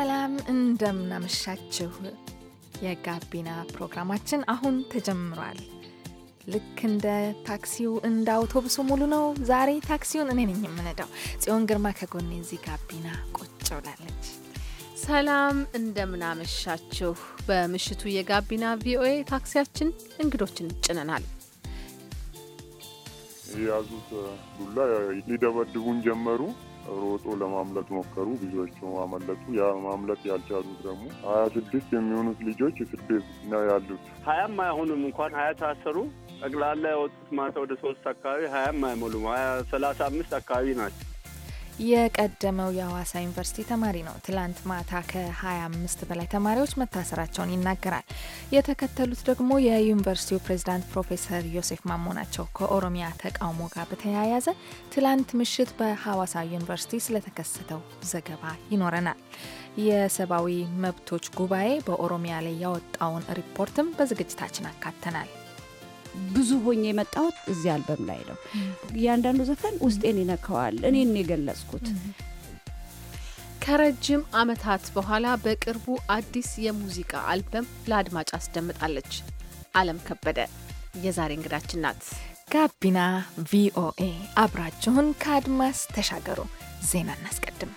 ሰላም እንደምናመሻችሁ። የጋቢና ፕሮግራማችን አሁን ተጀምሯል። ልክ እንደ ታክሲው እንደ አውቶቡሱ ሙሉ ነው። ዛሬ ታክሲውን እኔ ነኝ የምነዳው። ጽዮን ግርማ ከጎኔ እዚህ ጋቢና ቁጭ ብላለች። ሰላም እንደምናመሻችሁ። በምሽቱ የጋቢና ቪኦኤ ታክሲያችን እንግዶችን ጭነናል። የያዙት ዱላ ሊደበድቡን ጀመሩ። ሮጦ ለማምለጥ ሞከሩ። ብዙዎች አመለጡ። ያ ማምለጥ ያልቻሉት ደግሞ ሀያ ስድስት የሚሆኑት ልጆች እስር ቤት ነው ያሉት። ሀያም አይሆኑም እንኳን ሀያ ታሰሩ። ጠቅላላ የወጡት ማታ ወደ ሶስት አካባቢ ሀያም አይሞሉም። ሀያ ሰላሳ አምስት አካባቢ ናቸው። የቀደመው የሀዋሳ ዩኒቨርሲቲ ተማሪ ነው። ትላንት ማታ ከ25 በላይ ተማሪዎች መታሰራቸውን ይናገራል። የተከተሉት ደግሞ የዩኒቨርሲቲው ፕሬዝዳንት ፕሮፌሰር ዮሴፍ ማሞ ናቸው። ከኦሮሚያ ተቃውሞ ጋር በተያያዘ ትላንት ምሽት በሀዋሳ ዩኒቨርሲቲ ስለተከሰተው ዘገባ ይኖረናል። የሰብአዊ መብቶች ጉባኤ በኦሮሚያ ላይ ያወጣውን ሪፖርትም በዝግጅታችን አካተናል። ብዙ ሆኜ የመጣሁት እዚህ አልበም ላይ ነው። እያንዳንዱ ዘፈን ውስጤን ይነካዋል። እኔን የገለጽኩት ከረጅም ዓመታት በኋላ በቅርቡ አዲስ የሙዚቃ አልበም ለአድማጭ አስደምጣለች። አለም ከበደ የዛሬ እንግዳችን ናት። ጋቢና ቪኦኤ አብራችሁን ከአድማስ ተሻገሩ። ዜና እናስቀድም።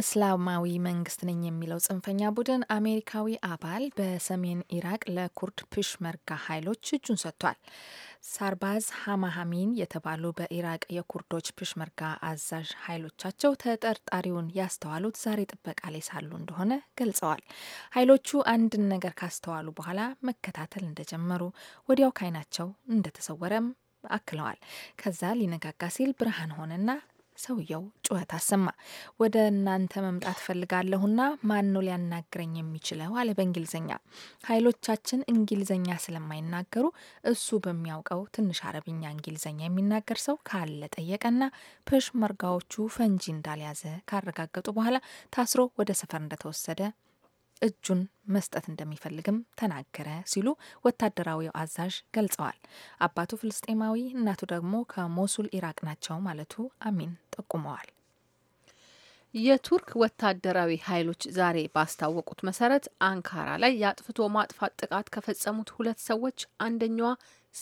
እስላማዊ መንግስት ነኝ የሚለው ጽንፈኛ ቡድን አሜሪካዊ አባል በሰሜን ኢራቅ ለኩርድ ፕሽመርጋ ኃይሎች እጁን ሰጥቷል። ሳርባዝ ሀማሃሚን የተባሉ በኢራቅ የኩርዶች ፕሽመርጋ አዛዥ ኃይሎቻቸው ተጠርጣሪውን ያስተዋሉት ዛሬ ጥበቃ ላይ ሳሉ እንደሆነ ገልጸዋል። ኃይሎቹ አንድን ነገር ካስተዋሉ በኋላ መከታተል እንደጀመሩ ወዲያው ካይናቸው እንደተሰወረም አክለዋል። ከዛ ሊነጋጋ ሲል ብርሃን ሆነና ሰውየው ጩኸት አሰማ። ወደ እናንተ መምጣት ፈልጋለሁና ማን ነው ሊያናግረኝ የሚችለው? አለ በእንግሊዝኛ። ኃይሎቻችን እንግሊዝኛ ስለማይናገሩ እሱ በሚያውቀው ትንሽ አረብኛ እንግሊዝኛ የሚናገር ሰው ካለ ጠየቀና ፔሽመርጋዎቹ ፈንጂ እንዳልያዘ ካረጋገጡ በኋላ ታስሮ ወደ ሰፈር እንደተወሰደ እጁን መስጠት እንደሚፈልግም ተናገረ ሲሉ ወታደራዊው አዛዥ ገልጸዋል። አባቱ ፍልስጤማዊ፣ እናቱ ደግሞ ከሞሱል ኢራቅ ናቸው ማለቱ አሚን ጠቁመዋል። የቱርክ ወታደራዊ ኃይሎች ዛሬ ባስታወቁት መሰረት አንካራ ላይ የአጥፍቶ ማጥፋት ጥቃት ከፈጸሙት ሁለት ሰዎች አንደኛዋ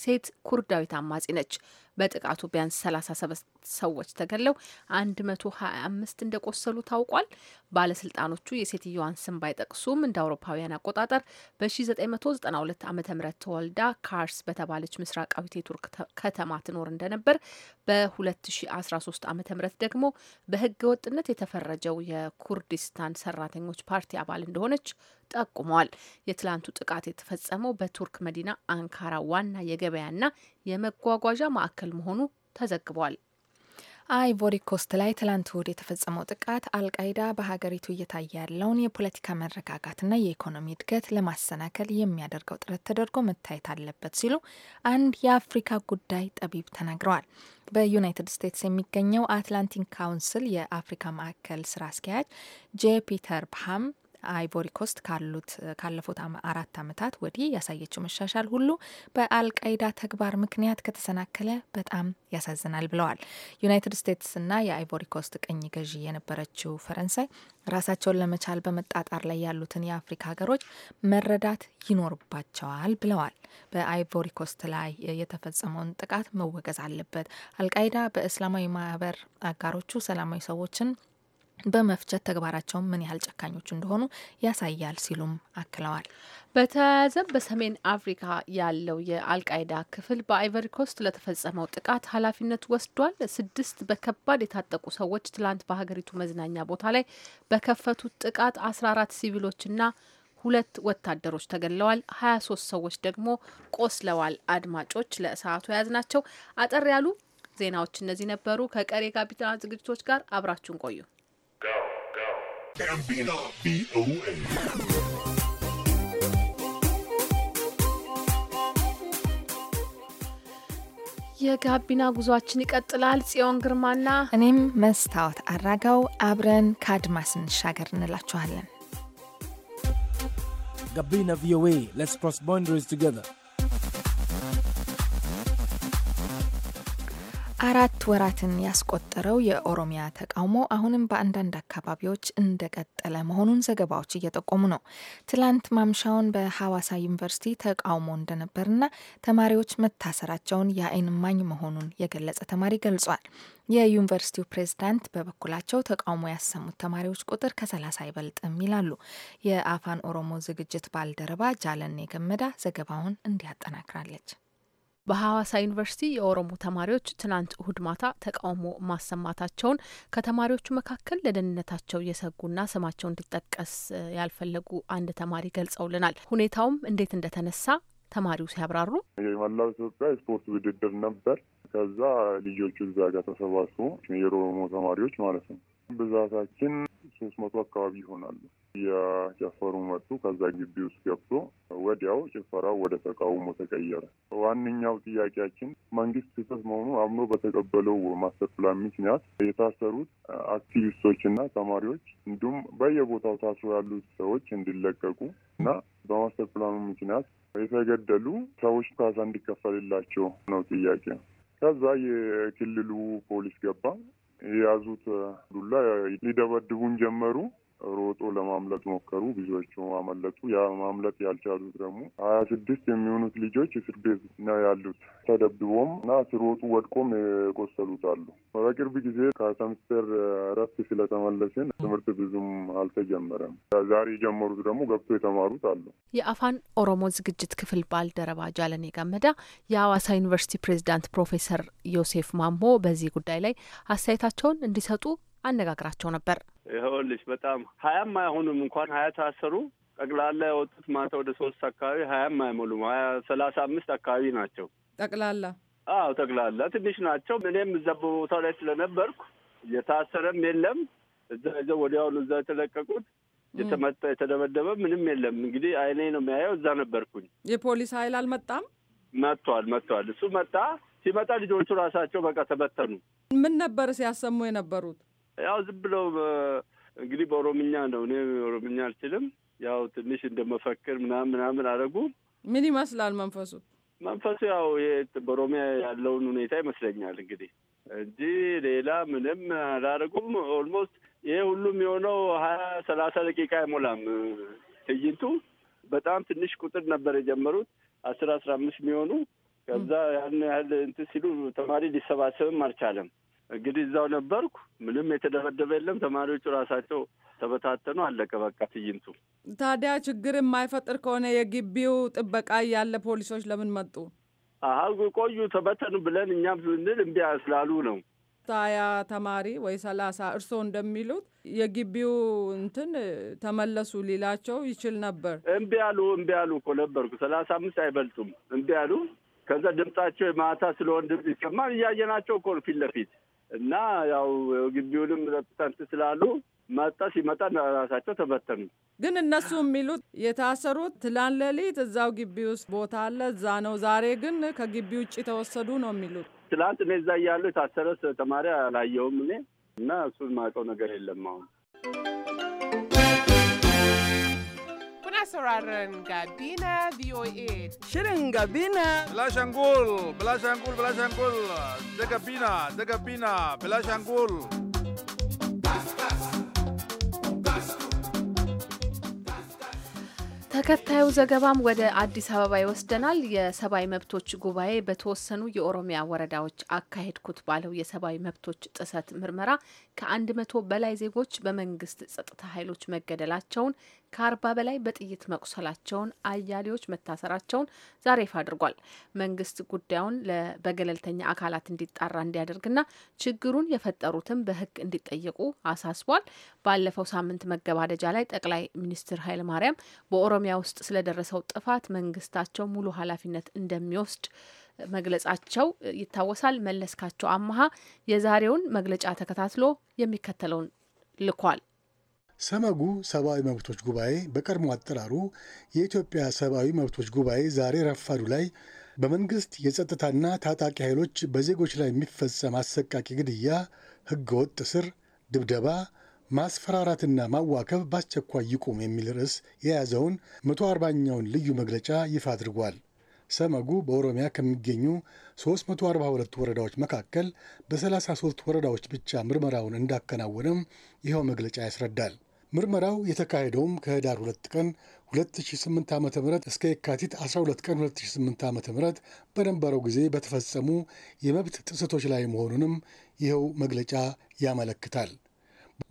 ሴት ኩርዳዊት አማጺ ነች። በጥቃቱ ቢያንስ 37 ሰዎች ተገለው 125 እንደቆሰሉ ታውቋል። ባለስልጣኖቹ የሴትዮዋን ስም ባይጠቅሱም እንደ አውሮፓውያን አቆጣጠር በ1992 ዓ ም ተወልዳ ካርስ በተባለች ምስራቃዊት የቱርክ ከተማ ትኖር እንደነበር በ2013 ዓ ም ደግሞ በህገ ወጥነት የተፈረጀው የኩርዲስታን ሰራተኞች ፓርቲ አባል እንደሆነች ጠቁመዋል። የትላንቱ ጥቃት የተፈጸመው በቱርክ መዲና አንካራ ዋና የገበያና የመጓጓዣ ማዕከል መሆኑ ተዘግቧል። አይቮሪ ኮስት ላይ ትላንት እሁድ የተፈጸመው ጥቃት አልቃይዳ በሀገሪቱ እየታየ ያለውን የፖለቲካ መረጋጋትና የኢኮኖሚ እድገት ለማሰናከል የሚያደርገው ጥረት ተደርጎ መታየት አለበት ሲሉ አንድ የአፍሪካ ጉዳይ ጠቢብ ተናግረዋል። በዩናይትድ ስቴትስ የሚገኘው አትላንቲክ ካውንስል የአፍሪካ ማዕከል ስራ አስኪያጅ ጄ ፒተር ፓም ኮስት ካሉት ካለፉት አራት ዓመታት ወዲህ ያሳየችው መሻሻል ሁሉ በአልቃይዳ ተግባር ምክንያት ከተሰናከለ በጣም ያሳዝናል ብለዋል። ዩናይትድ ስቴትስና ኮስት ቅኝ ገዢ የነበረችው ፈረንሳይ ራሳቸውን ለመቻል በመጣጣር ላይ ያሉትን የአፍሪካ ሀገሮች መረዳት ይኖርባቸዋል ብለዋል። ኮስት ላይ የተፈጸመውን ጥቃት መወገዝ አለበት። አልቃይዳ በእስላማዊ ማህበር አጋሮቹ ሰላማዊ ሰዎችን በመፍጨት ተግባራቸውን ምን ያህል ጨካኞች እንደሆኑ ያሳያል ሲሉም አክለዋል። በተያያዘም በሰሜን አፍሪካ ያለው የአልቃይዳ ክፍል በአይቨሪ ኮስት ለተፈጸመው ጥቃት ኃላፊነት ወስዷል። ስድስት በከባድ የታጠቁ ሰዎች ትላንት በሀገሪቱ መዝናኛ ቦታ ላይ በከፈቱት ጥቃት አስራ አራት ሲቪሎችና ሁለት ወታደሮች ተገለዋል። ሀያ ሶስት ሰዎች ደግሞ ቆስለዋል። አድማጮች ለሰዓቱ የያዝ ናቸው አጠር ያሉ ዜናዎች እነዚህ ነበሩ። ከቀሪ ጋቢና ዝግጅቶች ጋር አብራችሁን ቆዩ። ጋቢና VOA. የጋቢና ጉዟችን ይቀጥላል። ጽዮን ግርማና እኔም መስታወት አራጋው አብረን ከአድማስ እንሻገር እንላችኋለን። ጋቢና ቪኦኤ ሌትስ ክሮስ ቦንደሪስ ቱጌዘር አራት ወራትን ያስቆጠረው የኦሮሚያ ተቃውሞ አሁንም በአንዳንድ አካባቢዎች እንደቀጠለ መሆኑን ዘገባዎች እየጠቆሙ ነው። ትላንት ማምሻውን በሐዋሳ ዩኒቨርሲቲ ተቃውሞ እንደነበርና ተማሪዎች መታሰራቸውን የአይን እማኝ መሆኑን የገለጸ ተማሪ ገልጿል። የዩኒቨርሲቲው ፕሬዝዳንት በበኩላቸው ተቃውሞ ያሰሙት ተማሪዎች ቁጥር ከሰላሳ አይበልጥም ይላሉ። የአፋን ኦሮሞ ዝግጅት ባልደረባ ጃለኔ ገመዳ ዘገባውን እንዲያጠናክራለች። በሐዋሳ ዩኒቨርሲቲ የኦሮሞ ተማሪዎች ትናንት እሁድ ማታ ተቃውሞ ማሰማታቸውን ከተማሪዎቹ መካከል ለደህንነታቸው የሰጉና ስማቸው እንዲጠቀስ ያልፈለጉ አንድ ተማሪ ገልጸውልናል። ሁኔታውም እንዴት እንደተነሳ ተማሪው ሲያብራሩ የመላው ኢትዮጵያ ስፖርት ውድድር ነበር። ከዛ ልጆቹ እዛ ጋር ተሰባስቦ የኦሮሞ ተማሪዎች ማለት ነው ብዛታችን ሶስት መቶ አካባቢ ይሆናሉ። የጨፈሩ መጡ። ከዛ ግቢ ውስጥ ገብቶ ወዲያው ጭፈራው ወደ ተቃውሞ ተቀየረ። ዋነኛው ጥያቄያችን መንግስት ስህተት መሆኑ አምኖ በተቀበለው ማስተር ፕላን ምክንያት የታሰሩት አክቲቪስቶችና ተማሪዎች እንዲሁም በየቦታው ታስሮ ያሉት ሰዎች እንዲለቀቁ እና በማስተር ፕላኑ ምክንያት የተገደሉ ሰዎች ካሳ እንዲከፈልላቸው ነው ጥያቄ። ከዛ የክልሉ ፖሊስ ገባ። የያዙት ዱላ ሊደበድቡን ጀመሩ። ሮጦ ለማምለጥ ሞከሩ። ብዙዎቹ አመለጡ። ያ ማምለጥ ያልቻሉት ደግሞ ሀያ ስድስት የሚሆኑት ልጆች እስር ቤት ነው ያሉት። ተደብቦም እና ሲሮጡ ወድቆም የቆሰሉት አሉ። በቅርብ ጊዜ ከሰምስተር እረፍት ስለተመለስን ትምህርት ብዙም አልተጀመረም። ዛሬ የጀመሩት ደግሞ ገብቶ የተማሩት አሉ። የአፋን ኦሮሞ ዝግጅት ክፍል ባልደረባ ጃለኔ ጋመዳ የአዋሳ ዩኒቨርሲቲ ፕሬዚዳንት ፕሮፌሰር ዮሴፍ ማሞ በዚህ ጉዳይ ላይ አስተያየታቸውን እንዲሰጡ አነጋግራቸው ነበር። ይኸውልሽ በጣም ሀያም አይሆኑም እንኳን ሀያ ታሰሩ ጠቅላላ የወጡት ማታ ወደ ሶስት አካባቢ ሀያም አይሞሉም ሀያ ሰላሳ አምስት አካባቢ ናቸው ጠቅላላ። አዎ ጠቅላላ ትንሽ ናቸው። እኔም እዛ በቦታው ላይ ስለነበርኩ የታሰረም የለም እዛ ይዘው ወዲያውኑ እዛ የተለቀቁት የተመጣ የተደበደበ ምንም የለም። እንግዲህ አይኔ ነው የሚያየው። እዛ ነበርኩኝ። የፖሊስ ኃይል አልመጣም? መጥቷል መጥቷል። እሱ መጣ። ሲመጣ ልጆቹ ራሳቸው በቃ ተበተኑ። ምን ነበር ሲያሰሙ የነበሩት? ያው ዝም ብለው እንግዲህ በኦሮምኛ ነው። እኔ ኦሮምኛ አልችልም። ያው ትንሽ እንደመፈክር ምናምን ምናምን አደረጉ። ምን ይመስላል መንፈሱ? መንፈሱ ያው በኦሮሚያ ያለውን ሁኔታ ይመስለኛል እንግዲህ እንጂ ሌላ ምንም አላደረጉም። ኦልሞስት ይሄ ሁሉም የሆነው ሀያ ሰላሳ ደቂቃ አይሞላም ትዕይንቱ። በጣም ትንሽ ቁጥር ነበር የጀመሩት አስር አስራ አምስት የሚሆኑ ከዛ ያን ያህል እንትን ሲሉ ተማሪ ሊሰባሰብም አልቻለም። እንግዲህ እዛው ነበርኩ። ምንም የተደበደበ የለም። ተማሪዎቹ ራሳቸው ተበታተኑ። አለቀ በቃ ትዕይንቱ። ታዲያ ችግር የማይፈጥር ከሆነ የግቢው ጥበቃ ያለ ፖሊሶች ለምን መጡ? አሀጉ ቆዩ ተበተኑ ብለን እኛም ስንል እምቢ ስላሉ ነው። ታያ ተማሪ ወይ ሰላሳ እርስዎ እንደሚሉት የግቢው እንትን ተመለሱ ሊላቸው ይችል ነበር። እምቢ አሉ። እምቢ አሉ እኮ ነበርኩ። ሰላሳ አምስት አይበልጡም። እምቢ አሉ። ከዛ ድምጻቸው የማታ ስለሆን ድምጽ ይሰማል። እያየናቸው እኮ ፊት ለፊት እና ያው ግቢውንም ዘጥተንት ስላሉ መጣ ሲመጣ ራሳቸው ተበተኑ። ግን እነሱ የሚሉት የታሰሩት ትላንት ሌሊት እዛው ግቢ ውስጥ ቦታ አለ፣ እዛ ነው። ዛሬ ግን ከግቢ ውጭ ተወሰዱ ነው የሚሉት። ትላንት እኔ እዛ እያሉ የታሰረ ተማሪ አላየውም እኔ እና እሱን ማውቀው ነገር የለም አሁን Kuna sauraron Gabina VOA. Shirin Gabina. Bilashangul, Bilashangul, Bilashangul. Da Gabina, da Gabina, Bilashangul. ተከታዩ ዘገባም ወደ አዲስ አበባ ይወስደናል። የሰብአዊ መብቶች ጉባኤ በተወሰኑ የኦሮሚያ ወረዳዎች አካሄድኩት ባለው የሰብአዊ መብቶች ጥሰት ምርመራ ከአንድ መቶ በላይ ዜጎች በመንግስት ጸጥታ ኃይሎች መገደላቸውን ከአርባ በላይ በጥይት መቁሰላቸውን፣ አያሌዎች መታሰራቸውን ዛሬ ይፋ አድርጓል። መንግስት ጉዳዩን በገለልተኛ አካላት እንዲጣራ እንዲያደርግና ችግሩን የፈጠሩትም በህግ እንዲጠየቁ አሳስቧል። ባለፈው ሳምንት መገባደጃ ላይ ጠቅላይ ሚኒስትር ኃይለማርያም ማርያም በኦሮሚያ ውስጥ ስለደረሰው ጥፋት መንግስታቸው ሙሉ ኃላፊነት እንደሚወስድ መግለጻቸው ይታወሳል። መለስካቸው አመሀ የዛሬውን መግለጫ ተከታትሎ የሚከተለውን ልኳል። ሰመጉ ሰብአዊ መብቶች ጉባኤ በቀድሞ አጠራሩ የኢትዮጵያ ሰብአዊ መብቶች ጉባኤ ዛሬ ረፋዱ ላይ በመንግስት የጸጥታና ታጣቂ ኃይሎች በዜጎች ላይ የሚፈጸም አሰቃቂ ግድያ፣ ህገወጥ እስር፣ ድብደባ፣ ማስፈራራትና ማዋከብ በአስቸኳይ ይቁም የሚል ርዕስ የያዘውን መቶ አርባኛውን ልዩ መግለጫ ይፋ አድርጓል። ሰመጉ በኦሮሚያ ከሚገኙ 342 ወረዳዎች መካከል በ33 ወረዳዎች ብቻ ምርመራውን እንዳከናወነም ይኸው መግለጫ ያስረዳል። ምርመራው የተካሄደውም ከህዳር 2 ቀን 2008 ዓ ም እስከ የካቲት 12 ቀን 2008 ዓ ም በነበረው ጊዜ በተፈጸሙ የመብት ጥሰቶች ላይ መሆኑንም ይኸው መግለጫ ያመለክታል።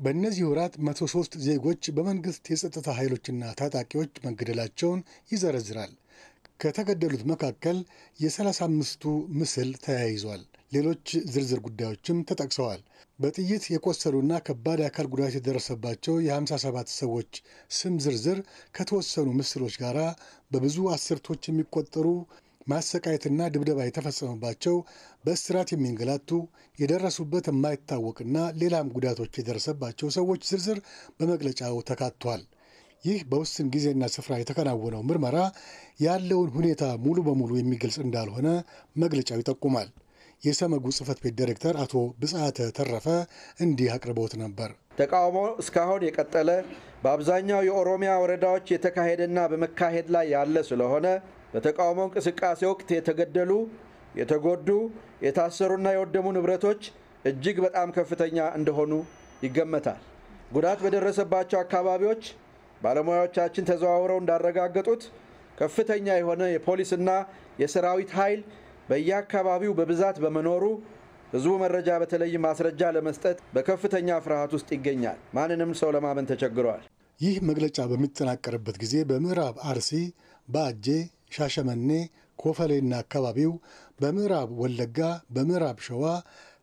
በእነዚህ ወራት 103 ዜጎች በመንግሥት የጸጥታ ኃይሎችና ታጣቂዎች መገደላቸውን ይዘረዝራል። ከተገደሉት መካከል የ35ቱ ምስል ተያይዟል። ሌሎች ዝርዝር ጉዳዮችም ተጠቅሰዋል። በጥይት የቆሰሉና ከባድ የአካል ጉዳት የደረሰባቸው የ57 ሰዎች ስም ዝርዝር ከተወሰኑ ምስሎች ጋር በብዙ አስርቶች የሚቆጠሩ ማሰቃየትና ድብደባ የተፈጸመባቸው በእስራት የሚንገላቱ የደረሱበት የማይታወቅና ሌላም ጉዳቶች የደረሰባቸው ሰዎች ዝርዝር በመግለጫው ተካቷል። ይህ በውስን ጊዜና ስፍራ የተከናወነው ምርመራ ያለውን ሁኔታ ሙሉ በሙሉ የሚገልጽ እንዳልሆነ መግለጫው ይጠቁማል። የሰመጉ ጽህፈት ቤት ዲሬክተር አቶ ብጻተ ተረፈ እንዲህ አቅርቦት ነበር። ተቃውሞ እስካሁን የቀጠለ በአብዛኛው የኦሮሚያ ወረዳዎች የተካሄደና በመካሄድ ላይ ያለ ስለሆነ በተቃውሞ እንቅስቃሴ ወቅት የተገደሉ፣ የተጎዱ፣ የታሰሩና የወደሙ ንብረቶች እጅግ በጣም ከፍተኛ እንደሆኑ ይገመታል። ጉዳት በደረሰባቸው አካባቢዎች ባለሙያዎቻችን ተዘዋውረው እንዳረጋገጡት ከፍተኛ የሆነ የፖሊስና የሰራዊት ኃይል በየአካባቢው በብዛት በመኖሩ ህዝቡ መረጃ በተለይ ማስረጃ ለመስጠት በከፍተኛ ፍርሃት ውስጥ ይገኛል። ማንንም ሰው ለማመን ተቸግረዋል። ይህ መግለጫ በሚጠናቀርበት ጊዜ በምዕራብ አርሲ፣ በአጄ፣ ሻሸመኔ፣ ኮፈሌና አካባቢው፣ በምዕራብ ወለጋ፣ በምዕራብ ሸዋ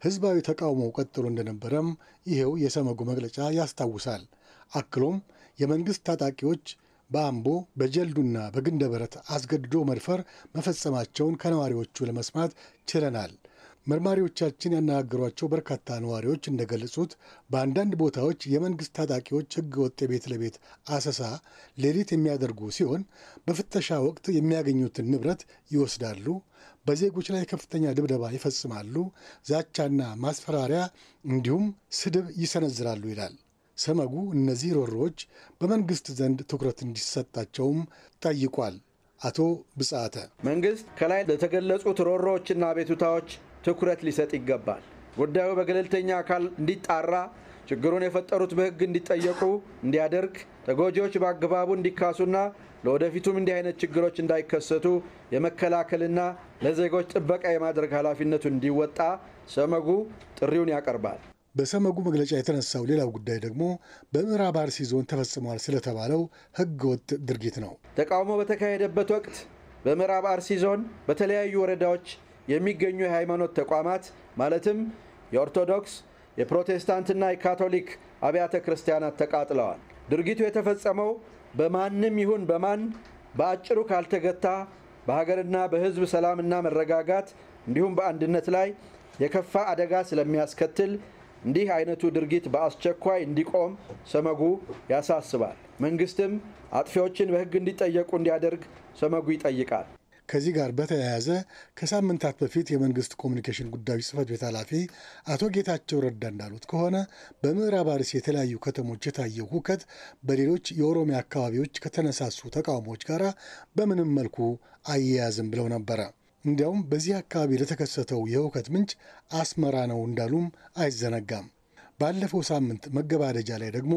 ህዝባዊ ተቃውሞ ቀጥሎ እንደነበረም ይኸው የሰመጉ መግለጫ ያስታውሳል። አክሎም የመንግሥት ታጣቂዎች በአምቦ በጀልዱና በግንደበረት አስገድዶ መድፈር መፈጸማቸውን ከነዋሪዎቹ ለመስማት ችለናል። መርማሪዎቻችን ያነጋገሯቸው በርካታ ነዋሪዎች እንደገለጹት በአንዳንድ ቦታዎች የመንግሥት ታጣቂዎች ሕገ ወጥ የቤት ለቤት አሰሳ ሌሊት የሚያደርጉ ሲሆን በፍተሻ ወቅት የሚያገኙትን ንብረት ይወስዳሉ፣ በዜጎች ላይ ከፍተኛ ድብደባ ይፈጽማሉ፣ ዛቻና ማስፈራሪያ እንዲሁም ስድብ ይሰነዝራሉ ይላል። ሰመጉ እነዚህ ሮሮዎች በመንግስት ዘንድ ትኩረት እንዲሰጣቸውም ጠይቋል። አቶ ብጻተ መንግስት ከላይ ለተገለጹት ሮሮዎችና አቤቱታዎች ትኩረት ሊሰጥ ይገባል። ጉዳዩ በገለልተኛ አካል እንዲጣራ፣ ችግሩን የፈጠሩት በህግ እንዲጠየቁ እንዲያደርግ፣ ተጎጂዎች በአግባቡ እንዲካሱና ለወደፊቱም እንዲህ አይነት ችግሮች እንዳይከሰቱ የመከላከልና ለዜጎች ጥበቃ የማድረግ ኃላፊነቱ እንዲወጣ ሰመጉ ጥሪውን ያቀርባል። በሰመጉ መግለጫ የተነሳው ሌላው ጉዳይ ደግሞ በምዕራብ አርሲ ዞን ተፈጽሟል ስለተባለው ህገወጥ ድርጊት ነው። ተቃውሞ በተካሄደበት ወቅት በምዕራብ አርሲ ዞን በተለያዩ ወረዳዎች የሚገኙ የሃይማኖት ተቋማት ማለትም የኦርቶዶክስ፣ የፕሮቴስታንትና የካቶሊክ አብያተ ክርስቲያናት ተቃጥለዋል። ድርጊቱ የተፈጸመው በማንም ይሁን በማን በአጭሩ ካልተገታ በሀገርና በህዝብ ሰላምና መረጋጋት እንዲሁም በአንድነት ላይ የከፋ አደጋ ስለሚያስከትል እንዲህ አይነቱ ድርጊት በአስቸኳይ እንዲቆም ሰመጉ ያሳስባል። መንግስትም አጥፊዎችን በሕግ እንዲጠየቁ እንዲያደርግ ሰመጉ ይጠይቃል። ከዚህ ጋር በተያያዘ ከሳምንታት በፊት የመንግስት ኮሚኒኬሽን ጉዳዮች ጽህፈት ቤት ኃላፊ አቶ ጌታቸው ረዳ እንዳሉት ከሆነ በምዕራብ አርሲ የተለያዩ ከተሞች የታየው ሁከት በሌሎች የኦሮሚያ አካባቢዎች ከተነሳሱ ተቃውሞዎች ጋር በምንም መልኩ አያያዝም ብለው ነበረ። እንዲያውም በዚህ አካባቢ ለተከሰተው የሁከት ምንጭ አስመራ ነው እንዳሉም አይዘነጋም። ባለፈው ሳምንት መገባደጃ ላይ ደግሞ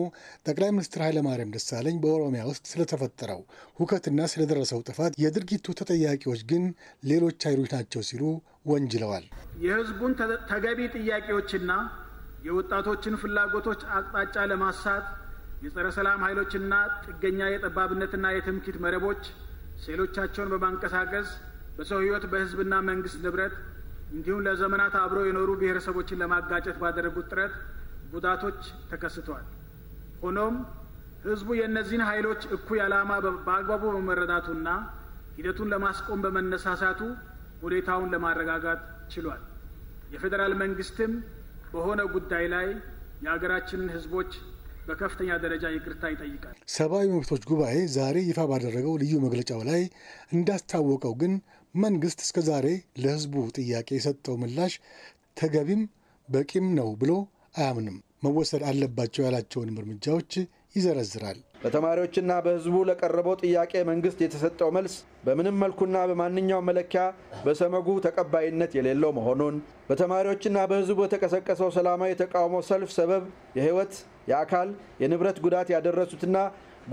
ጠቅላይ ሚኒስትር ኃይለማርያም ደሳለኝ በኦሮሚያ ውስጥ ስለተፈጠረው ሁከትና ስለደረሰው ጥፋት የድርጊቱ ተጠያቂዎች ግን ሌሎች ኃይሎች ናቸው ሲሉ ወንጅለዋል። የሕዝቡን ተገቢ ጥያቄዎችና የወጣቶችን ፍላጎቶች አቅጣጫ ለማሳት የጸረ ሰላም ኃይሎችና ጥገኛ የጠባብነትና የትምክህት መረቦች ሴሎቻቸውን በማንቀሳቀስ በሰው ህይወት በህዝብና መንግስት ንብረት እንዲሁም ለዘመናት አብረው የኖሩ ብሔረሰቦችን ለማጋጨት ባደረጉት ጥረት ጉዳቶች ተከስተዋል። ሆኖም ህዝቡ የእነዚህን ኃይሎች እኩይ ዓላማ በአግባቡ በመረዳቱና ሂደቱን ለማስቆም በመነሳሳቱ ሁኔታውን ለማረጋጋት ችሏል። የፌዴራል መንግስትም በሆነ ጉዳይ ላይ የሀገራችንን ህዝቦች በከፍተኛ ደረጃ ይቅርታ ይጠይቃል። ሰብአዊ መብቶች ጉባኤ ዛሬ ይፋ ባደረገው ልዩ መግለጫው ላይ እንዳስታወቀው ግን መንግስት እስከዛሬ ለህዝቡ ጥያቄ የሰጠው ምላሽ ተገቢም በቂም ነው ብሎ አያምንም። መወሰድ አለባቸው ያላቸውንም እርምጃዎች ይዘረዝራል። በተማሪዎችና በህዝቡ ለቀረበው ጥያቄ መንግስት የተሰጠው መልስ በምንም መልኩና በማንኛውም መለኪያ በሰመጉ ተቀባይነት የሌለው መሆኑን፣ በተማሪዎችና በህዝቡ በተቀሰቀሰው ሰላማዊ የተቃውሞ ሰልፍ ሰበብ የህይወት የአካል፣ የንብረት ጉዳት ያደረሱትና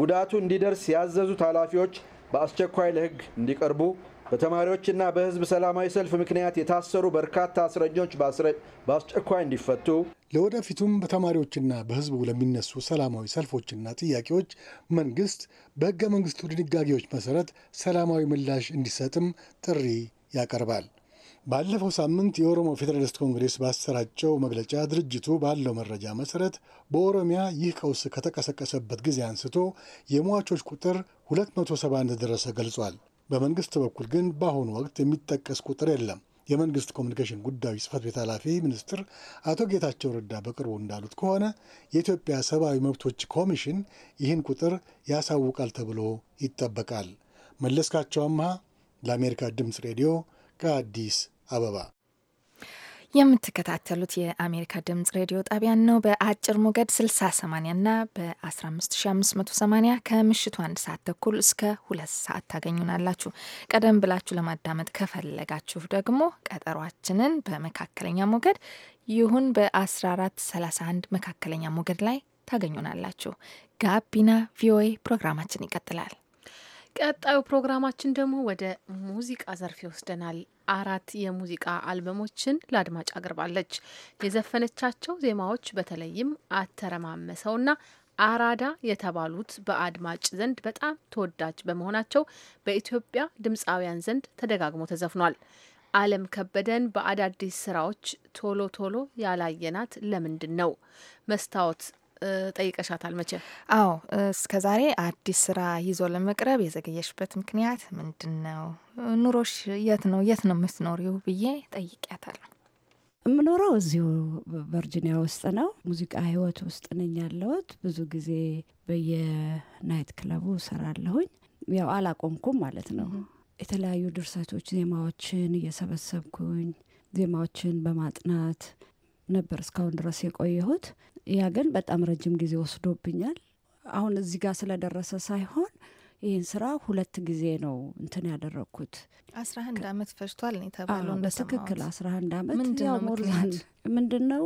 ጉዳቱ እንዲደርስ ያዘዙት ኃላፊዎች በአስቸኳይ ለህግ እንዲቀርቡ በተማሪዎችና በህዝብ ሰላማዊ ሰልፍ ምክንያት የታሰሩ በርካታ እስረኞች በአስቸኳይ እንዲፈቱ፣ ለወደፊቱም በተማሪዎችና በህዝቡ ለሚነሱ ሰላማዊ ሰልፎችና ጥያቄዎች መንግስት በህገ መንግስቱ ድንጋጌዎች መሰረት ሰላማዊ ምላሽ እንዲሰጥም ጥሪ ያቀርባል። ባለፈው ሳምንት የኦሮሞ ፌዴራሊስት ኮንግሬስ ባሰራጨው መግለጫ ድርጅቱ ባለው መረጃ መሰረት በኦሮሚያ ይህ ቀውስ ከተቀሰቀሰበት ጊዜ አንስቶ የሟቾች ቁጥር 270 እንደደረሰ ገልጿል። በመንግስት በኩል ግን በአሁኑ ወቅት የሚጠቀስ ቁጥር የለም። የመንግስት ኮሚኒኬሽን ጉዳዮች ጽህፈት ቤት ኃላፊ ሚኒስትር አቶ ጌታቸው ረዳ በቅርቡ እንዳሉት ከሆነ የኢትዮጵያ ሰብአዊ መብቶች ኮሚሽን ይህን ቁጥር ያሳውቃል ተብሎ ይጠበቃል። መለስካቸው አምሃ ለአሜሪካ ድምፅ ሬዲዮ ከአዲስ አበባ የምትከታተሉት የአሜሪካ ድምጽ ሬዲዮ ጣቢያን ነው። በአጭር ሞገድ 68 እና በ15580 ከምሽቱ አንድ ሰዓት ተኩል እስከ ሁለት ሰዓት ታገኙናላችሁ። ቀደም ብላችሁ ለማዳመጥ ከፈለጋችሁ ደግሞ ቀጠሯችንን በመካከለኛ ሞገድ ይሁን በ1431 መካከለኛ ሞገድ ላይ ታገኙናላችሁ። ጋቢና ቪኦኤ ፕሮግራማችን ይቀጥላል። ቀጣዩ ፕሮግራማችን ደግሞ ወደ ሙዚቃ ዘርፍ ይወስደናል። አራት የሙዚቃ አልበሞችን ለአድማጭ አቅርባለች። የዘፈነቻቸው ዜማዎች በተለይም አተረማመሰውና አራዳ የተባሉት በአድማጭ ዘንድ በጣም ተወዳጅ በመሆናቸው በኢትዮጵያ ድምፃውያን ዘንድ ተደጋግሞ ተዘፍኗል። አለም ከበደን በአዳዲስ ስራዎች ቶሎ ቶሎ ያላየናት ለምንድን ነው? መስታወት ጠይቀሻታል መቼ? አዎ እስከ ዛሬ አዲስ ስራ ይዞ ለመቅረብ የዘገየሽበት ምክንያት ምንድን ነው? ኑሮሽ የት ነው? የት ነው የምትኖሪው ብዬ ጠይቂያታለሁ። የምኖረው እዚሁ ቨርጂኒያ ውስጥ ነው። ሙዚቃ ህይወት ውስጥ ነኝ ያለሁት። ብዙ ጊዜ በየናይት ክለቡ ሰራለሁኝ። ያው አላቆምኩም ማለት ነው። የተለያዩ ድርሰቶች ዜማዎችን እየሰበሰብኩኝ ዜማዎችን በማጥናት ነበር እስካሁን ድረስ የቆየሁት። ያ ግን በጣም ረጅም ጊዜ ወስዶብኛል። አሁን እዚህ ጋር ስለደረሰ ሳይሆን ይህን ስራ ሁለት ጊዜ ነው እንትን ያደረግኩት። አስራ አንድ አመት ፈጅቷል ነው የተባለው። በትክክል አስራ አንድ አመት ያው ሞርዛን ምንድን ነው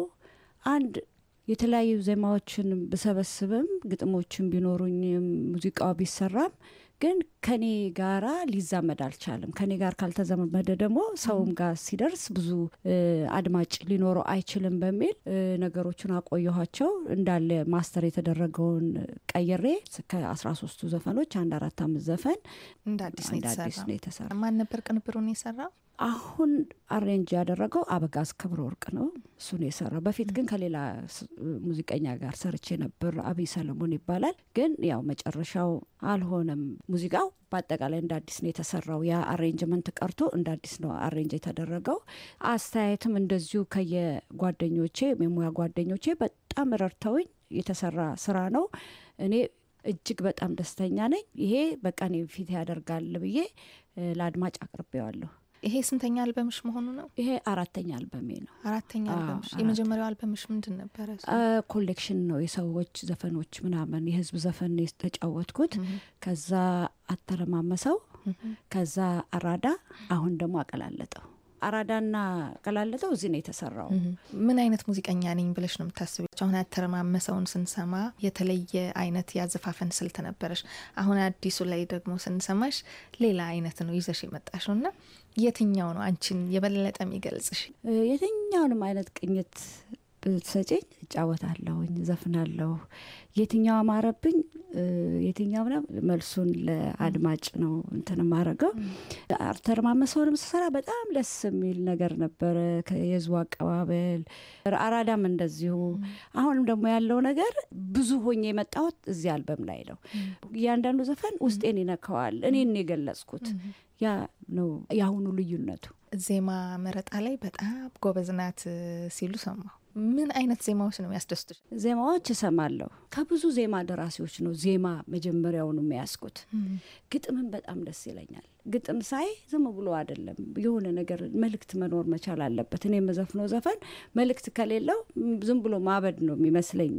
አንድ የተለያዩ ዜማዎችን ብሰበስብም ግጥሞችን ቢኖሩኝ ሙዚቃው ቢሰራም ግን ከኔ ጋራ ሊዛመድ አልቻለም። ከኔ ጋር ካልተዘመመደ ደግሞ ሰውም ጋር ሲደርስ ብዙ አድማጭ ሊኖረው አይችልም በሚል ነገሮቹን አቆየኋቸው። እንዳለ ማስተር የተደረገውን ቀይሬ ከአስራ ሶስቱ ዘፈኖች አንድ አራት አምስት ዘፈን እንደ አዲስ ነው የተሰራ። ማን ነበር ቅንብሩን የሰራው? አሁን አሬንጅ ያደረገው አበጋዝ ክብረ ወርቅ ነው። እሱን የሰራው በፊት ግን ከሌላ ሙዚቀኛ ጋር ሰርቼ ነበር። አብይ ሰለሞን ይባላል። ግን ያው መጨረሻው አልሆነም። ሙዚቃው በአጠቃላይ እንደ አዲስ ነው የተሰራው። ያ አሬንጅመንት ቀርቶ እንደ አዲስ ነው አሬንጅ የተደረገው። አስተያየትም እንደዚሁ ከየጓደኞቼ የሙያ ጓደኞቼ በጣም ረድተውኝ የተሰራ ስራ ነው። እኔ እጅግ በጣም ደስተኛ ነኝ። ይሄ በቃ እኔ ፊት ያደርጋል ብዬ ለአድማጭ አቅርቤዋለሁ። ይሄ ስንተኛ አልበምሽ መሆኑ ነው? ይሄ አራተኛ አልበሜ ነው። አራተኛ አልበምሽ። የመጀመሪያው አልበምሽ ምንድን ነበረ? ኮሌክሽን ነው የሰዎች ዘፈኖች ምናምን፣ የህዝብ ዘፈን የተጫወትኩት። ከዛ አተረማመሰው፣ ከዛ አራዳ፣ አሁን ደግሞ አቀላለጠው አራዳና ቀላለጠው እዚህ ነው የተሰራው። ምን አይነት ሙዚቀኛ ነኝ ብለሽ ነው የምታስቢው? አሁን ያተረማመሰውን ስንሰማ የተለየ አይነት ያዘፋፈን ስልት ነበረሽ። አሁን አዲሱ ላይ ደግሞ ስንሰማሽ ሌላ አይነት ነው ይዘሽ የመጣሽው እና የትኛው ነው አንቺን የበለጠ የሚገልጽሽ? የትኛውንም አይነት ቅኝት ብትሰጪኝ እጫወታለሁኝ፣ ዘፍናለሁ። የትኛው አማረብኝ የትኛው መልሱን ለአድማጭ ነው እንትን ማረገው። አርተር ማመሰውንም ስሰራ በጣም ደስ የሚል ነገር ነበረ። የህዝቡ አቀባበል አራዳም እንደዚሁ። አሁንም ደግሞ ያለው ነገር ብዙ ሆኜ የመጣሁት እዚህ አልበም ላይ ነው። እያንዳንዱ ዘፈን ውስጤን ይነካዋል። እኔን የገለጽኩት ያ ነው የአሁኑ ልዩነቱ። ዜማ መረጣ ላይ በጣም ጎበዝናት ሲሉ ሰማሁ። ምን አይነት ዜማዎች ነው የሚያስደስቱሽ? ዜማዎች እሰማለሁ። ከብዙ ዜማ ደራሲዎች ነው ዜማ መጀመሪያውኑ የሚያስኩት። ግጥምም በጣም ደስ ይለኛል። ግጥም ሳይ ዝም ብሎ አይደለም፣ የሆነ ነገር መልእክት መኖር መቻል አለበት። እኔ የምዘፍነው ዘፈን መልእክት ከሌለው ዝም ብሎ ማበድ ነው የሚመስለኝ፣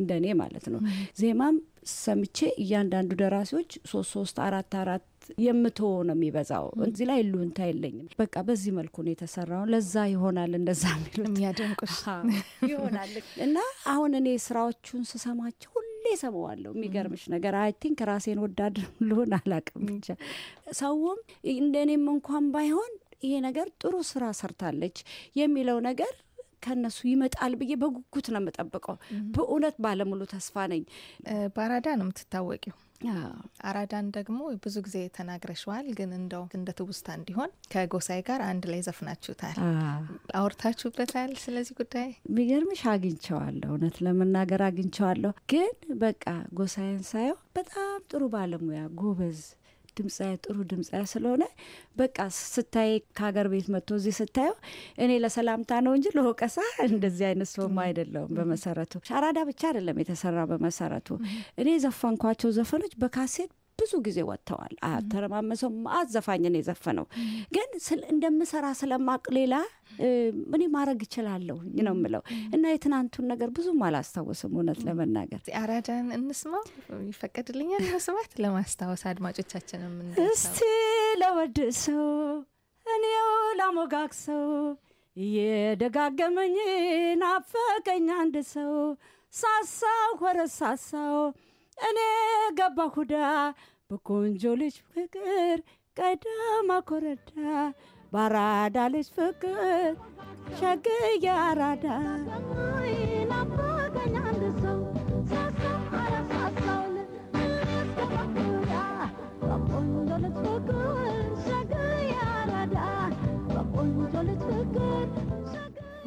እንደኔ ማለት ነው። ዜማም ሰምቼ እያንዳንዱ ደራሲዎች ሶስት ሶስት አራት አራት የምትሆ ነው የሚበዛው። እዚህ ላይ ሉንታ የለኝም። በቃ በዚህ መልኩ ነው የተሰራው። ለዛ ይሆናል እንደዛ የሚሉት የሚያደንቁሽ ይሆናል እና አሁን እኔ ስራዎቹን ስሰማቸው ሁሌ ሰማዋለሁ። የሚገርምሽ ነገር አይ ቲንክ ራሴን ወዳድ ልሆን አላቅም። ብቻ ሰውም እንደኔም እንኳን ባይሆን ይሄ ነገር ጥሩ ስራ ሰርታለች የሚለው ነገር ከነሱ ይመጣል ብዬ በጉጉት ነው የምጠብቀው። በእውነት ባለሙሉ ተስፋ ነኝ። በአራዳ ነው የምትታወቂው። አራዳን ደግሞ ብዙ ጊዜ ተናግረሽዋል፣ ግን እንደው እንደ ትውስታ እንዲሆን ከጎሳይ ጋር አንድ ላይ ዘፍናችሁታል፣ አውርታችሁበታል። ስለዚህ ጉዳይ የሚገርምሽ አግኝቸዋለሁ፣ እውነት ለመናገር አግኝቸዋለሁ። ግን በቃ ጎሳይን ሳየው በጣም ጥሩ ባለሙያ ጎበዝ ድምፃ ጥሩ ድምፃ ስለሆነ በቃ ስታይ ከሀገር ቤት መጥቶ እዚህ ስታየው እኔ ለሰላምታ ነው እንጂ ለወቀሳ እንደዚህ አይነት ሰውም አይደለውም። በመሰረቱ አራዳ ብቻ አይደለም የተሰራ በመሰረቱ እኔ ዘፈንኳቸው ዘፈኖች በካሴት ብዙ ጊዜ ወጥተዋል። አተረማመሰው መዓት ዘፋኝን የዘፈነው ግን እንደምሰራ ስለማቅ ሌላ እኔ ማድረግ እችላለሁ ነው የምለው እና የትናንቱን ነገር ብዙም አላስታውስም እውነት ለመናገር አራዳን እንስማ ይፈቀድልኛል መስማት ለማስታወስ አድማጮቻችን አድማጮቻችንም እስቲ ለወድሰው እኔው ላሞጋግሰው እየደጋገመኝ ናፈቀኝ አንድ ሰው ሳሳው ወረሳሳው እኔ ገባ ሁዳ በቆንጆ ልጅ ፍቅር ቀዳማ ኮረዳ ባራዳ ልጅ ፍቅር ሸግያ አራዳ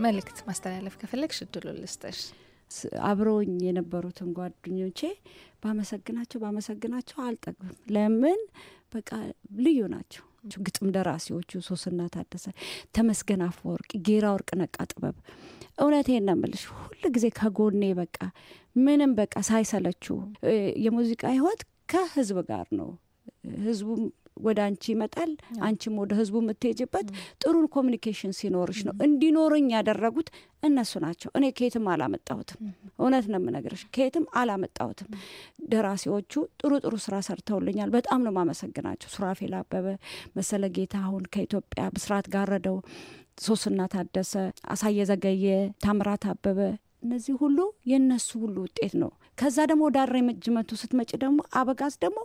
መልእክት ማስተላለፍ ከፈለግሽ እድሉን ልስጠሽ። አብረውኝ የነበሩትን ጓደኞቼ ባመሰግናቸው ባመሰግናቸው አልጠግብም። ለምን በቃ ልዩ ናቸው። ግጥም ደራሲዎቹ ሶስና ታደሰ፣ ተመስገን አፈወርቅ፣ ጌራ ወርቅ ነቃ ጥበብ። እውነቴን ነው የምልሽ ሁል ጊዜ ከጎኔ በቃ ምንም በቃ ሳይሰለችው የሙዚቃ ህይወት ከህዝብ ጋር ነው። ህዝቡም ወደ አንቺ ይመጣል፣ አንቺም ወደ ህዝቡ የምትሄጅበት ጥሩ ኮሚኒኬሽን ሲኖርሽ ነው። እንዲኖርኝ ያደረጉት እነሱ ናቸው። እኔ ከየትም አላመጣሁትም። እውነት ነው የምነግርሽ፣ ከየትም አላመጣሁትም። ደራሲዎቹ ጥሩ ጥሩ ስራ ሰርተውልኛል። በጣም ነው ማመሰግናቸው። ሱራፌል አበበ፣ መሰለ ጌታ፣ አሁን ከኢትዮጵያ ብስራት ጋረደው፣ ሶስና ታደሰ፣ አሳየ ዘገየ፣ ታምራት አበበ እነዚህ ሁሉ የእነሱ ሁሉ ውጤት ነው። ከዛ ደግሞ ወደ አሬንጅመንቱ ስትመጪ ደግሞ አበጋዝ ደግሞ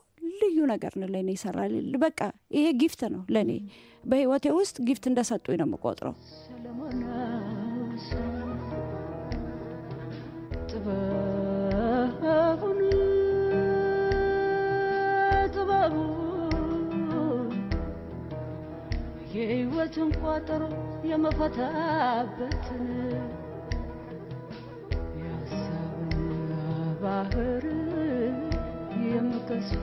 ልዩ ነገር ነው ለእኔ ይሰራ። በቃ ይሄ ጊፍት ነው ለእኔ በህይወቴ ውስጥ ጊፍት እንደሰጡኝ ነው የምቆጥረው። የህይወትን ቋጠሮ የመፈታበትን የሀሳብን ባህር የምቀስፍ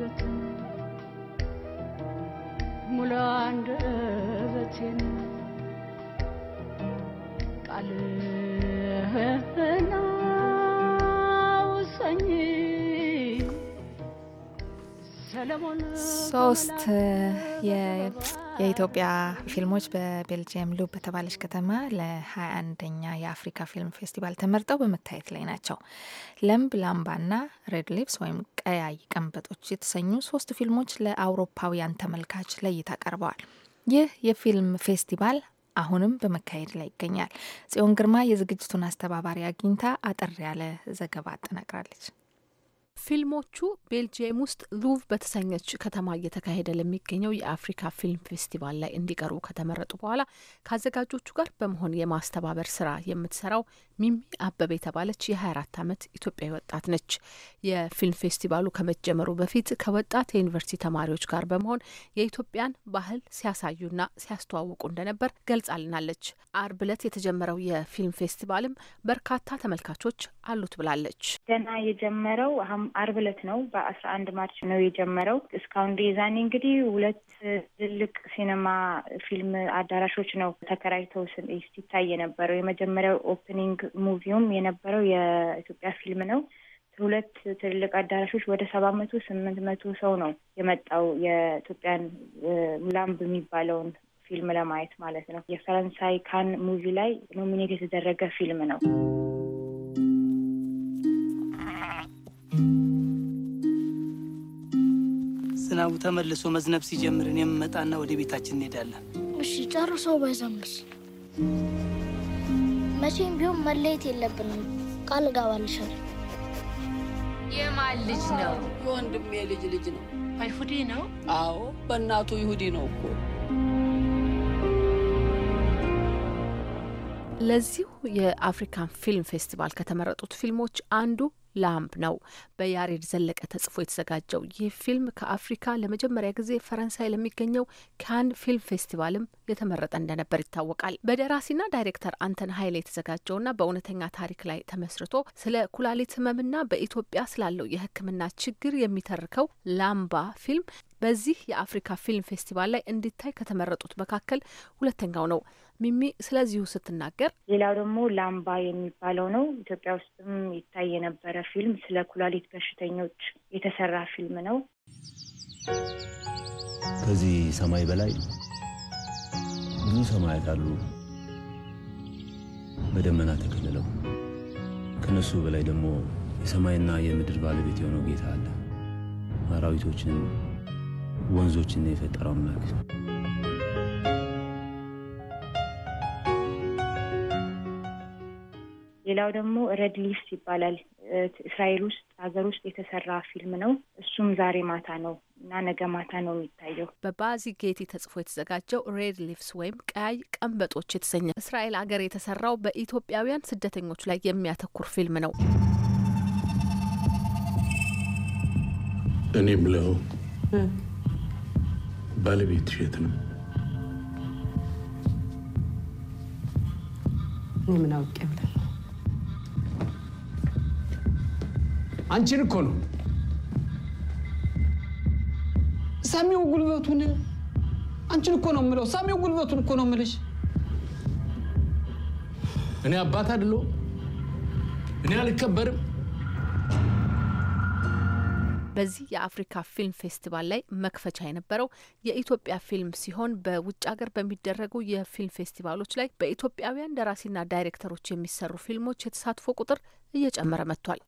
አንደበት ሙላ አንደበቴን ቃልህን አውሰኝ። ሶስት የኢትዮጵያ ፊልሞች በቤልጅየም ሉብ በተባለች ከተማ ለ21ኛ የአፍሪካ ፊልም ፌስቲቫል ተመርጠው በመታየት ላይ ናቸው። ለምብ ላምባና ሬድ ሊፕስ ወይም ቀያይ ቀንበጦች የተሰኙ ሶስት ፊልሞች ለአውሮፓውያን ተመልካች ለእይታ ቀርበዋል። ይህ የፊልም ፌስቲቫል አሁንም በመካሄድ ላይ ይገኛል። ጽዮን ግርማ የዝግጅቱን አስተባባሪ አግኝታ አጠር ያለ ዘገባ አጠናቅራለች። ፊልሞቹ ቤልጅየም ውስጥ ሉቭ በተሰኘች ከተማ እየተካሄደ ለሚገኘው የአፍሪካ ፊልም ፌስቲቫል ላይ እንዲቀርቡ ከተመረጡ በኋላ ከአዘጋጆቹ ጋር በመሆን የማስተባበር ስራ የምትሰራው ሚሚ አበበ የተባለች የ24 ዓመት ኢትዮጵያዊ ወጣት ነች። የፊልም ፌስቲቫሉ ከመጀመሩ በፊት ከወጣት የዩኒቨርሲቲ ተማሪዎች ጋር በመሆን የኢትዮጵያን ባህል ሲያሳዩና ሲያስተዋውቁ እንደነበር ገልጻልናለች። አርብ ዕለት የተጀመረው የፊልም ፌስቲቫልም በርካታ ተመልካቾች አሉት ብላለች። ገና የጀመረው አርብ ዕለት ነው። በአስራ አንድ ማርች ነው የጀመረው። እስካሁን ዴዛኔ እንግዲህ ሁለት ትልቅ ሲኒማ ፊልም አዳራሾች ነው ተከራይተው ሲታይ የነበረው። የመጀመሪያው ኦፕኒንግ ሙቪውም የነበረው የኢትዮጵያ ፊልም ነው። ሁለት ትልልቅ አዳራሾች ወደ ሰባት መቶ ስምንት መቶ ሰው ነው የመጣው የኢትዮጵያን ላምብ የሚባለውን ፊልም ለማየት ማለት ነው። የፈረንሳይ ካን ሙቪ ላይ ኖሚኔት የተደረገ ፊልም ነው። ዝናቡ ተመልሶ መዝነብ ሲጀምርን የምመጣና ወደ ቤታችን እንሄዳለን። እሺ ጨርሶ ባይዘምስ መቼም ቢሆን መለየት የለብንም። ቃል እገባልሻለሁ። የማን ልጅ ነው? የወንድሜ ልጅ ልጅ ነው። አይሁዲ ነው? አዎ፣ በእናቱ ይሁዲ ነው እኮ። ለዚሁ የአፍሪካን ፊልም ፌስቲቫል ከተመረጡት ፊልሞች አንዱ ላምፕ ነው። በያሬድ ዘለቀ ተጽፎ የተዘጋጀው ይህ ፊልም ከአፍሪካ ለመጀመሪያ ጊዜ ፈረንሳይ ለሚገኘው ካን ፊልም ፌስቲቫልም የተመረጠ እንደነበር ይታወቃል። በደራሲና ዳይሬክተር አንተን ኃይሌ የተዘጋጀውና በእውነተኛ ታሪክ ላይ ተመስርቶ ስለ ኩላሊት ህመምና በኢትዮጵያ ስላለው የሕክምና ችግር የሚተርከው ላምባ ፊልም በዚህ የአፍሪካ ፊልም ፌስቲቫል ላይ እንዲታይ ከተመረጡት መካከል ሁለተኛው ነው። ሚሚ ስለዚሁ ስትናገር፣ ሌላው ደግሞ ላምባ የሚባለው ነው። ኢትዮጵያ ውስጥም ይታይ የነበረ ፊልም ስለ ኩላሊት በሽተኞች የተሰራ ፊልም ነው። ከዚህ ሰማይ በላይ ብዙ ሰማያት አሉ በደመና ተከልለው ከነሱ በላይ ደግሞ የሰማይና የምድር ባለቤት የሆነው ጌታ አለ። አራዊቶችን ወንዞችን ነው የፈጠረው አምላክ። ሌላው ደግሞ ሬድ ሊፍት ይባላል። እስራኤል ውስጥ ሀገር ውስጥ የተሰራ ፊልም ነው። እሱም ዛሬ ማታ ነው እና ነገ ማታ ነው የሚታየው። በባዚ ጌቲ ተጽፎ የተዘጋጀው ሬድ ሊፍስ ወይም ቀያይ ቀንበጦች የተሰኘ እስራኤል አገር የተሰራው በኢትዮጵያውያን ስደተኞች ላይ የሚያተኩር ፊልም ነው። እኔም ለው ባለቤት የት ነው? እኔ ምን አውቄ ብለን አንቺን እኮ ነው ሳሚው ጉልበቱን አንቺን እኮ ነው የምለው። ሳሚው ጉልበቱን እኮ ነው የምልሽ። እኔ አባት አይደለሁም። እኔ አልከበርም። በዚህ የአፍሪካ ፊልም ፌስቲቫል ላይ መክፈቻ የነበረው የኢትዮጵያ ፊልም ሲሆን በውጭ ሀገር በሚደረጉ የፊልም ፌስቲቫሎች ላይ በኢትዮጵያውያን ደራሲና ዳይሬክተሮች የሚሰሩ ፊልሞች የተሳትፎ ቁጥር እየጨመረ መጥቷል።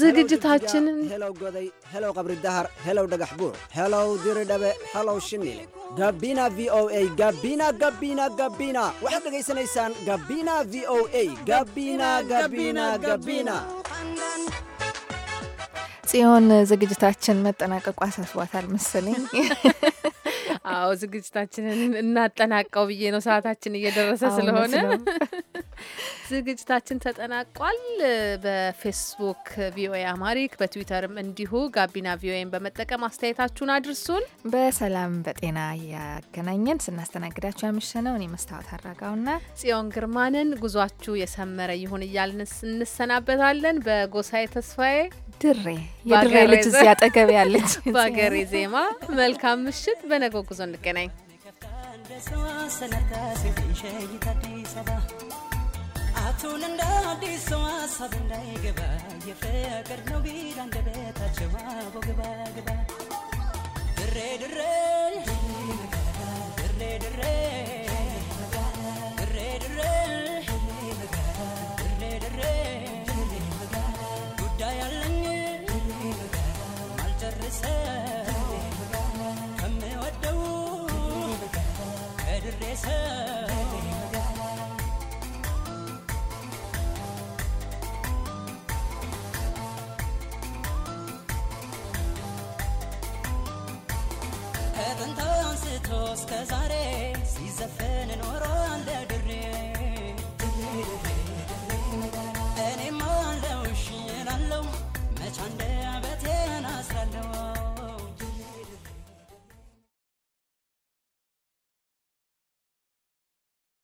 ዝግጅታችንን ሄለው ጎደይ ሄለው ቀብሪ ዳሃር ሄለው ደጋሕ ቡር ሄለው ዲሪ ደበ ሄለው ሽኒል ጋቢና ቪኦኤ ጋቢና ዝግጅታችን መጠናቀቁ አሳስቧታል መሰለኝ። አዎ ዝግጅታችንን እናጠናቀው ብዬ ነው። ሰዓታችን እየደረሰ ስለሆነ ዝግጅታችን ተጠናቋል። በፌስቡክ ቪኦኤ አማሪክ፣ በትዊተርም እንዲሁ ጋቢና ቪኦኤን በመጠቀም አስተያየታችሁን አድርሱን። በሰላም በጤና ያገናኘን። ስናስተናግዳችሁ ያመሸነው እኔ መስታወት አራጋውና ጽዮን ግርማንን ጉዟችሁ የሰመረ ይሁን እያልን እንሰናበታለን። በጎሳዬ ተስፋዬ ድሬ የድሬ ልጅ እዚህ አጠገብ ያለች በሀገሬ ዜማ መልካም ምሽት። በነገው ጉዞ እንገናኝ። አቶን እንደ አዲስ ሰው ሀሳብ እንዳይገባ የፍቅር ነው ቢል አንደበታቸው አቦ ገባ ገባ ድሬ ድሬ ድሬ ድሬ እስከ ዛሬ ሲዘፈን ኖሮ እንደ